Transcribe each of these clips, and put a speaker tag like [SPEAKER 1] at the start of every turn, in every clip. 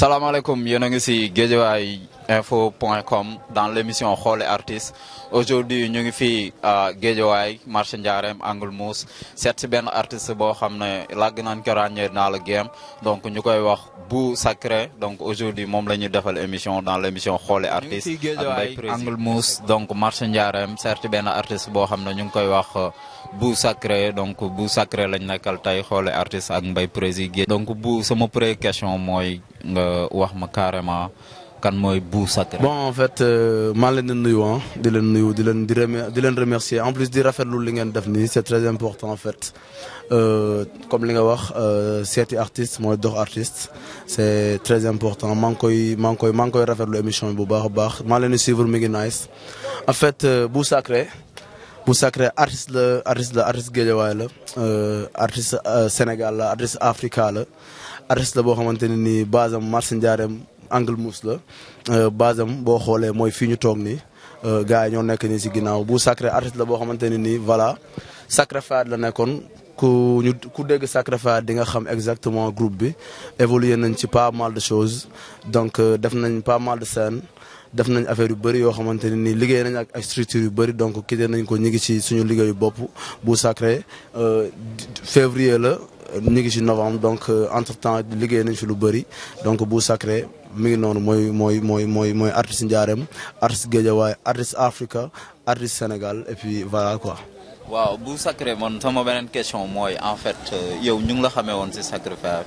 [SPEAKER 1] salaamaaleykum yéen a ngi si Géejawaay info.com dans l'émission Hall Artistes. Aujourd'hui, nous sommes ici à euh, Guédiouaï, Marché Ndiarem, Angle Mousse. C'est un artiste qui a été dans le game. Donc, nous avons Bou Sacré. Donc, aujourd'hui, nous avons fait l'émission dans l'émission Hall Artistes. Angle Mousse, donc Marche Ndiarem, c'est un artiste qui a été Bou Sacré. Donc, Bou Sacré, nous avons fait Hall Artistes avec Mbaye Prési. Donc, Bou, c'est mon première question, moi, ma carrément kan moy Bou Sacré. bon
[SPEAKER 2] en fait euh, maa len di nuyu ah, di len nuyu di len di remercier en plus di rafetlu li ngeen def ni c'est très important en fait euh, comme li nga wax euh, seeti artiste moy dox artiste c'est très important man koy man koy man ngi koy rafetlu émission bu baax baax maa leen suivre mi ngi nice en fait Bou Sacré Bou Sacré artiste le artiste le artiste Guédiawaye la artiste Sénégal la artiste Africa la artiste la boo xamante ne nii base am angle mousse la euh, basam boo xoolee mooy fii ñu toog nii euh, gars ñoo nekk nii si ginnaaw bu sacré artiste la boo xamante ne nii voilà sacré faat la nekkoon ku ñu ku dégg sacré faat di nga xam exactement groupe bi évolué nañ ci pas mal de chose donc euh, def nañ pas mal de scènes def nañ affaire yu bëri yoo xamante ne nii liggéey nañ ak ay yu bëri donc quitté nañ ko ñu ngi ci suñu liggéeyu bopp bu sacré euh, février la ñu ngi ci novembre donc euh, entre temps liggéey nañ ci lu bëri donc bu sacré mi ngi noonu mooy mooy mooy mooy mooy artiste Ndiarème artiste Guédiawaye artiste Africa artiste Sénégal et puis voilà quoi.
[SPEAKER 1] waaw bu sacré man sama beneen question mooy en fait euh, yow ñu ngi la xamee woon ci sacrifice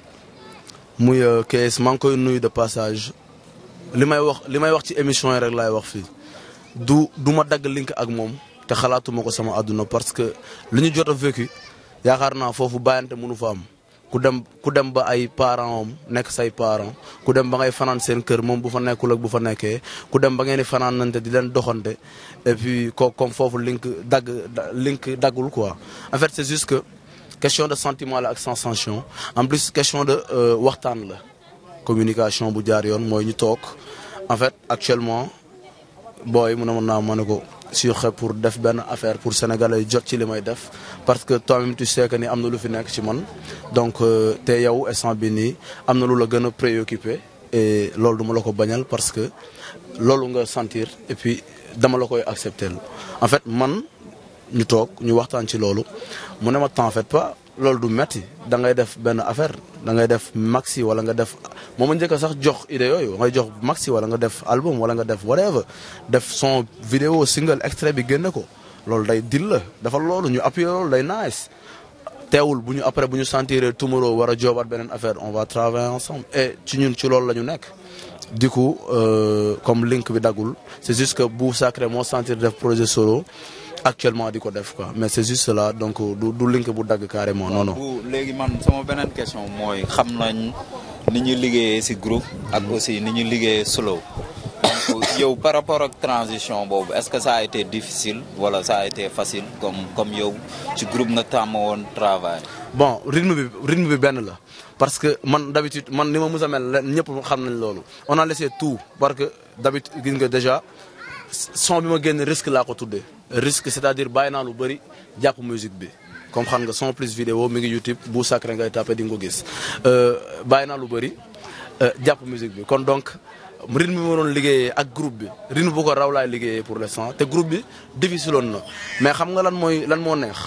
[SPEAKER 2] muy euh, kees maa ngi koy nuyu de passage li may wax li may wax ci émission yi rek laay wax fii du du ma dagg link ak moom te xalaatuma ko sama àdduna parce que li ñu jot a vécu yaakaar naa foofu bàyyante mënu fa am ku dem ku dem ba ay parents am nekk say parents ku dem ba ngay fanaan seen kër moom bu fa nekkul ak bu fa nekkee ku dem ba ngeen di fanaanante di leen doxante et puis foofu link dagg link daggul quoi question de sentiment la ak sanction. en plus question de euh, waxtaan la communication bu moi yoon talk ñu en fait actuellement boy, mon nom mën naa ma pour def ben affaire pour sénégalais jot ci limay def parce que toi-même tu sais que ni amna lu fi nek ci man donc euh, té yow et bi nii amna lu la gëna préoccuper préoccupé et loolu duma la ko bañal parce que loolu nga sentir et puis dama la koy accepter en fait man ñu tok ñu waxtaan ci lolu mu ne ma t'en fais pas lolu du metti da ngay def ben affaire da ngay def maxi wala nga def moma njëkk sax jox idée yooyu ngay jox maxi wala nga def album wala nga def whatever def son vidéo single extrait bi génne ko lolu day dil la dafa lolu ñu appuyer lolu day nice teewul buñu après buñu sentir tomorrow wara jobat benen affaire on va travailler ensemble et ci ñun ci lolu la ñu nekk du coup euh, comme link bi dagoul c'est juste que vous sacré mon sentir de projet solo actuellement à ko quoi mais c'est juste cela donc euh, du link bu dagg carrément non non.
[SPEAKER 1] Vous, man sama beneen question moi, je sais ni ñuy liggéeyee ci groupe et aussi ni ñuy solo donc par rapport à la transition est-ce que ça a été difficile voilà, ça a été facile comme comme yow ci groupe notamment, tàmm travail.
[SPEAKER 2] bon rythme bi rythme bi bien la parce que man d'habitude man ni ma mus mel ñep xamnañ lolu on a laissé tout parce que d'habitude gis nga déjà son bima ma risque la ko tuddee. risque c'est-à-dire bayna lu bari japp musique bi comme xam nga son plus vidéo mi ngi YouTube bu sacré ngay tapé di nga ko gis euh, bàyyi naa lu euh japp musique bi kon donc. rythme mi ma liggéey ak groupe bi rythme bu ko raw lay liggéey pour l'instant te groupe bi difficile on na mais xam nga lan moy lan mo neex.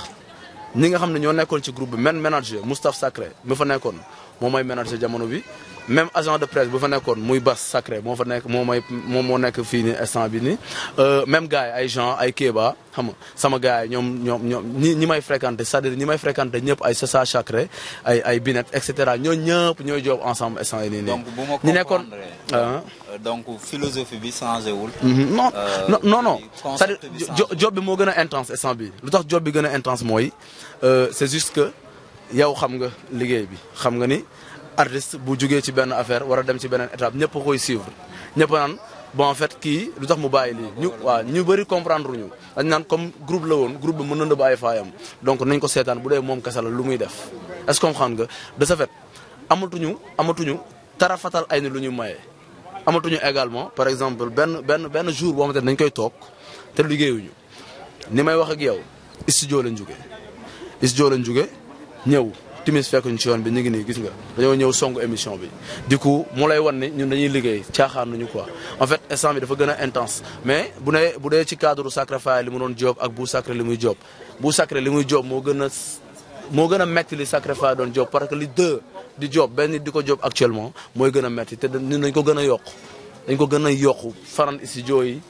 [SPEAKER 2] ñi nga xam ne ñoo nekkoon ci group bi même manager Moustapha Sacré mi fa nekkoon moom mooy manager jamono bi même agent de presse bu fa nekkoon muy Bas Sacré moo fa nekk moom mooy moom moo nekk fii nii instant bi nii euh, même gars yi ay Jean ay Kéba xam nga sama gars ñoom ñoom ñoom ñi ñi may fréquenté cest à ñi may fréquenté ñëpp ay Sasa Sacré ay ay Binet et cetera ñoo ñëpp ñooy job ensemble instant yi nii nii ñi nekkoon
[SPEAKER 1] donc philosophie bi changé wul. Mhm. Euh, non non non c'est-à-dire
[SPEAKER 2] job bi moo gën a intense instant bi lu tax job bi gëna a intense mooy euh, c'est juste que yow xam nga liguey bi xam nga ni artiste bu joggé ci ben affaire wara dem ci benen étape ñëpp koy suivre ñëpp nan bon en fait ki lu tax mu bàyyi li ñu wa ñu bari comprendre ñu dañ nan comme groupe la woon groupe bi mëna na bàyyi fayam donc nañ ko sétane bu dé mom kese la lu muy def est-ce que xam nga de ce fait amatuñu amatuñu tarafatal ay ni lu ñu maye amatuñu également par exemple ben, ben, ben, jour bo xamante dañ koy tok té ni may wax ak yow studio lañ studio lañ ñew timis fekk ci bi gis nga émission bi du coup mu lay ñun dañuy liggéey quoi en fait bi a intense mais bu ne bu dee cadre job ak bu li muy job bu li muy job a metti li que li deux di job benn nit di job actuellement moy gëna metti té te dañ ko gëna yok dañ ko gëna yok yokk fanaan studio yi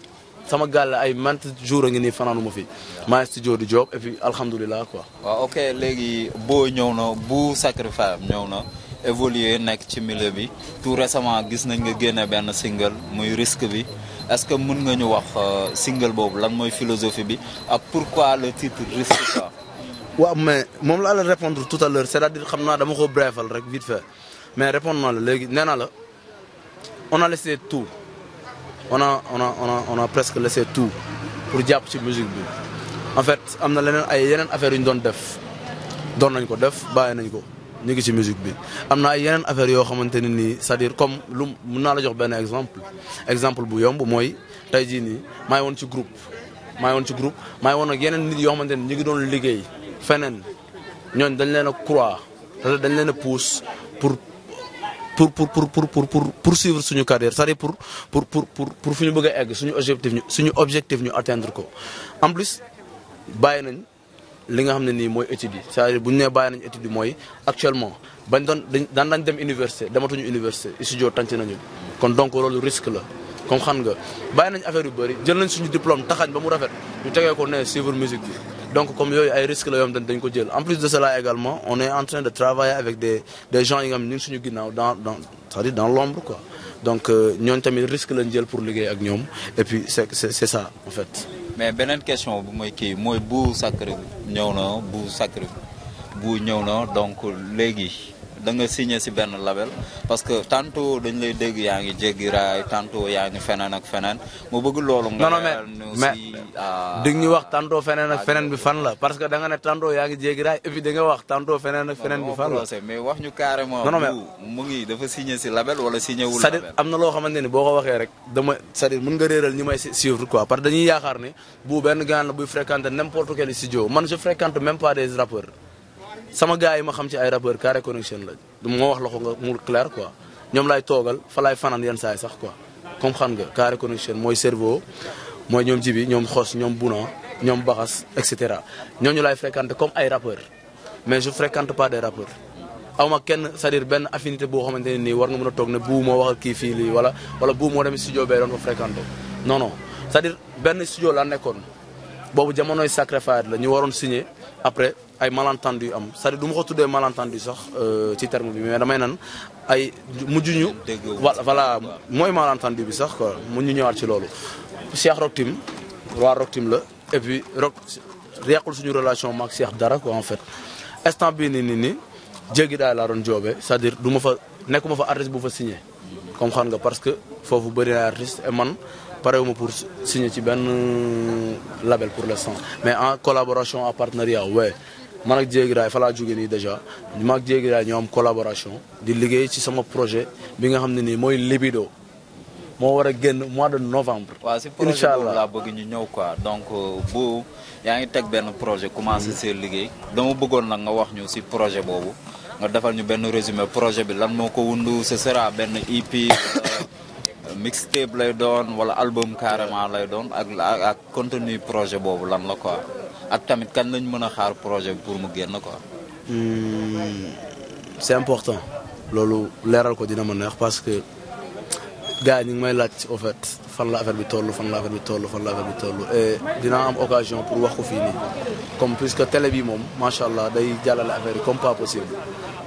[SPEAKER 2] sama gal ay mant jour nga ni fananuma fi ma studio du job et puis alhamdulilah
[SPEAKER 1] quoi. wa ok légui bo ñëw bu sacrifice ñëw évoluer nek ci milieu bi tout récemment gis nañ nga génne ben single muy risque bi est-ce que mën nga ñu wax euh, single bobu lan moy philosophie bi ak pourquoi le titre risque quoi
[SPEAKER 2] waaw mais moom laa la répondre tout à l'heure c'est-à-dire xam naa dama ko brefal rek vite fait mais répondre naa la léegi la on a laissé tout on a on a on a on a presque laissé tout pour jàpp ci musique bi en fait am na leneen ay yeneen affaires yu ñu doon def doon nañ ko def bàyyi nañ ko ñi ngi ci musique bi amna na ay yeneen affaires yoo xamante ni c'est-à-dire comme lu mën na la jox ben exemple exemple bu yomb moy tey jii nii maa ci groupe maa ngi ci groupe maa ngi ak yenen nit yo xamanteni ñi ngi doon liggéey. feneen ñooñ dañ leen a croix dañ leen a pousse pour pour pour pour pour poursuivre suñu carrière c'est-à-dire pour pour pour pour fu ñu bëgg egg suñu objectif ñu suñu objectif ñu atteindre ko en plus bàyyi nañ li nga xam ne nii mooy études yi cest à bu ñu nee bàyyi nañ études yi mooy actuellement bañ doon daan daan dem université dematuñu université studio tànc nañu kon donc loolu risque la comme xam nga bàyyi nañ affaire yu bëri jël nañ suñu diplôme taxañ ba mu rafet ñu tegee ko ne suivre musique bi donc comme yooyu ay risques la yoo dañ ko jël en plus de cela également on est en train de travailler avec des des gens yi nga xam ne ñu ngi suñu dans dans c'est-à-dire dans l'ombre quoi donc euh, ñooñu tamit risque lañ jël pour liggéey ak ñoom et puis c'est c'est ça en
[SPEAKER 1] fait. mais beneen question bi mooy kii mooy bu Sacré-Cœur ñëw na bu Sacré-Cœur bu ñëw na donc léegi. da nga signé si benn label parce que tantôt dañ lay dégg yaa ngi jéggi tantoo tantôt yaa ngi feneen ak feneen mu bëgg loolu. nga non non mais ah, ñu wax tantôt feneen ak feneen bi fan la parce que da nga ne
[SPEAKER 2] tantôt yaa ngi jéggi raay nga wax tantôt feneen ak feneen bi fan la. mais wax ñu carrément. non mu ngi
[SPEAKER 1] dafa si label wala signé wul. label c'est-à-dire
[SPEAKER 2] na loo xamante ni boo ko waxee rek dama c'est-à-dire mën nga réeral ñi may suivre quoi parce dañuy yaakaar ne bu benn gaan la buy fréquenter n'importe quel studio man je fréquente même des rappeurs sama gars yi ma xam ci ay rappeur carré connexion la du ma wax la ko nga mu clair quoi ñoom laay toogal fa laay fanaan yenn saa yi sax quoi comme xam nga carré connexion mooy cerveau mooy ñoom jibi ñoom xos ñoom buna ñoom baxas et cetera ñooñu laay fréquenté comme ay rappeur mais je fréquente pas des rappeurs aw ma kenn sa à dire benn affinité boo xamante ne nii war nga mën a toog ne bu moo wax ak kii fii lii wala wala bu moo dem studio bee doon ko fréquenté non non c'est-à-dire benn la ñu waroon ay malentendu am c'est-à-dire ko malentendu sax euh, ci terme mais damay nan ay voilà malentendu bi sax ñëwaat ci Cheikh et puis suñu relation max Cheikh quoi en fait instant c'est-à-dire duma fa nekkuma fa artiste bu fa comme parce que vous vous artiste et man pour signer ci ben label pour l'instant mais en collaboration en partenariat ouais man ak Dieye Guiraye fa laa jógee nii dèjà man ak Dieye Guiraye ñoo am collaboration di liggéey ci sama projet bi nga xam ne nii libido moo war a génn mois de novembre.
[SPEAKER 1] waaw si projet boobu laa bëgg ñu ñëw quoi donc euh, bu yaa ngi teg benn projet commencé mm. seen liggéey. dama bëggoon nag nga wax ñu si projet boobu nga defal ñu benn résumé projet bi lan moo ko wundu ce sera benn EP. Euh, mixtape lay doon wala album carrément lay doon ak ak contenu projet boobu lan la quoi ak tamit kan lañ mën xaar projet pour mu génn
[SPEAKER 2] hmm, c'est important loolu leeral ko dina ma neex parce que gagner, mais là, ngi may fait fan la affaire bi faire fan la affaire bi l'affaire fan la affaire bi toll et dinaa am occasion pour wax ko fii comme puisque télé bi moom macha allah day jàllale affaire comme pas possible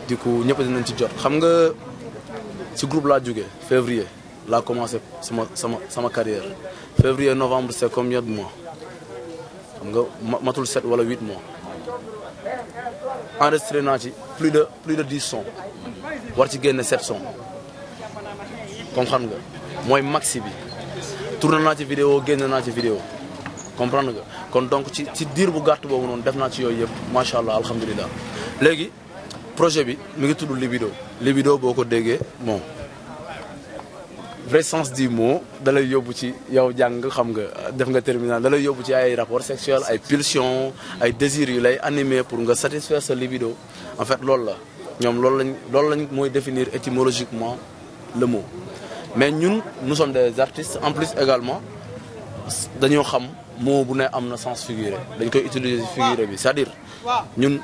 [SPEAKER 2] du coup ñëpp dinañ ci jot xam nga ci groupe laa jógee février là commencé sama sama carrière février novembre c'est combien de mois. nga matul sept wala huit mois enregistré naa ci plus de plus de dix sons war ci génne son sons comprendre nga mooy maxi bi tourné naa ci vidéo génne naa ci vidéo comprendre nga kon donc ci ci diir bu gàtt boobu noonu def naa ci yooyu yëpp macha allah alhamdulilah léegi projet bi mi ngi tudd libido libido boo ko déggee bon vrai sens du mot dalay yóbbu ci yow jàng xam nga def nga terminal dalay yóbbu ci ay rapport sexuel ay pulsion ay désir yu lay animé pour nga satisfaire sa libido en fait loolu la ñoom loolu lañ lañ définir étymologiquement le mot mais ñun nous sommes des artistes en plus également dañoo xam mot bu ne am na sens figuré dañ koy utiliser figuré bi c'est-à-dire ñun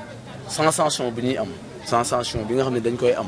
[SPEAKER 2] sensation bi ñuy am sensation bi nga xam ne dañ koy am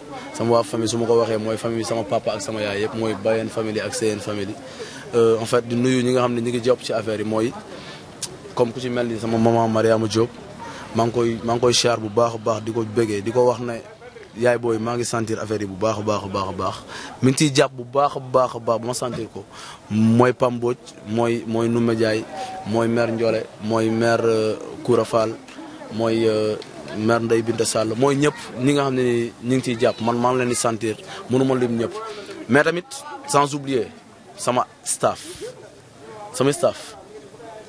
[SPEAKER 2] sama une famille suma ko waxe famille sama papa ak sama yaay yëpp moy famille ak famille euh, en fait nous avons ñi nga xam ñi ngi job ci affaire yi comme ku ci melni sama maman Mariama job mang suis koy mang koy char bu baax baax diko beggé diko wax ne yaay boy Je sentir affaire yi bu baax baax baax baax min ci japp bu baax baax baax bu ma sentir ko moy Pamboj moy moy maire Ndeye Binta Sall mooy ñëpp ñi ne ñu ngi ciy jàpp man maa ngi leen di sentir mënu ma lim ñëpp mais tamit sans oublier sama staff sama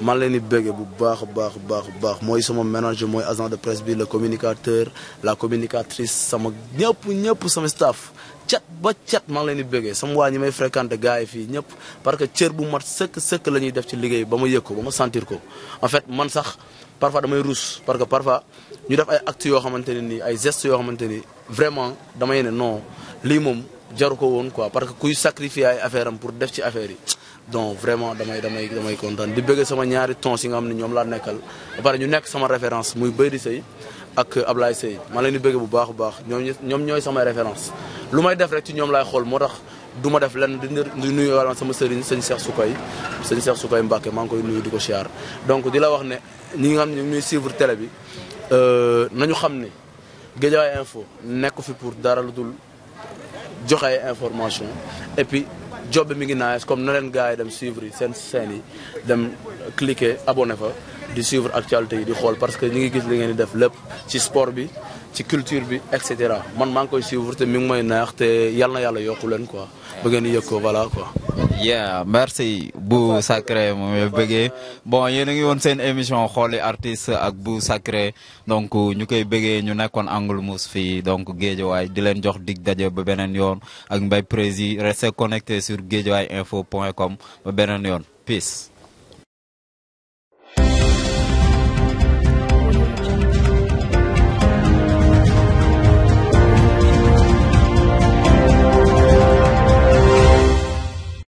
[SPEAKER 2] man leen di béggee bu baax baax baax baax mooy sama manager mooy agent de presse bi la communicateur la communicatrice sama ñëpp ñëpp sama staff cat ba cat maa leen di béggee sama waa ñi may fréquenté gars yi fii ñëpp parce que cër bu mat sëkk sëkk la ñuy def ci liggéey ba ma yëg ko ba ma santir ko en fait man sax parfois damay ruus parce que parfois ñu def ay actes yoo xamante ni ay gestes yoo xamante ni vraiment damay ne non lii moom jaru ko woon quoi parce que kuy sacrifier ay affaire am pour def ci affaire yi donc vraiment damay damay damay kontaan di bëgg sama ñaari tons yi nga xam ne ñoom laa nekkal ba pare ñu nekk sama référence muy Beydi Sey ak Ablaye Sey ma leen di bëgg bu baax baax ñoom ñoom ñooy samay référence lu may def rek ci ñoom laay xool moo tax du ma def lenn di nuyu wala sama sëriñ sëñ Cheikh Soukay sëñ Cheikh Soukay Mbacke maa ngi koy nuyu di ko siyaar donc di la wax ne ñi nga xam ne ñu suivre télé bi Euh, nañu xam ne Guédiawaye info nekk fi pour dara lu dul joxe ay information et puis job bi mi ngi nice comme na leen gars yi dem suivre seen seen yi dem cliquer abonné fa di suivre actualité yi di xool parce que ñu ngi gis li ngeen di def lépp ci sport bi ci culture bi et cetera man maa ngi koy suivre te mi ngi may neex te yal na yàlla yokku leen quoi ba ngeen di yëg ko voilà quoi.
[SPEAKER 1] yeah merci bu Sacré moom la bëggee bon yéen a ngi woon seen émission xooli artiste ak bu Sacré donc ñu koy bëggee ñu nekkoon Angle mus fii donc Guédiawaye di leen jox dig daje ba beneen yoon ak Mbaye Prési restez connecté sur guédiawayeinfo point com ba beneen yoon peace.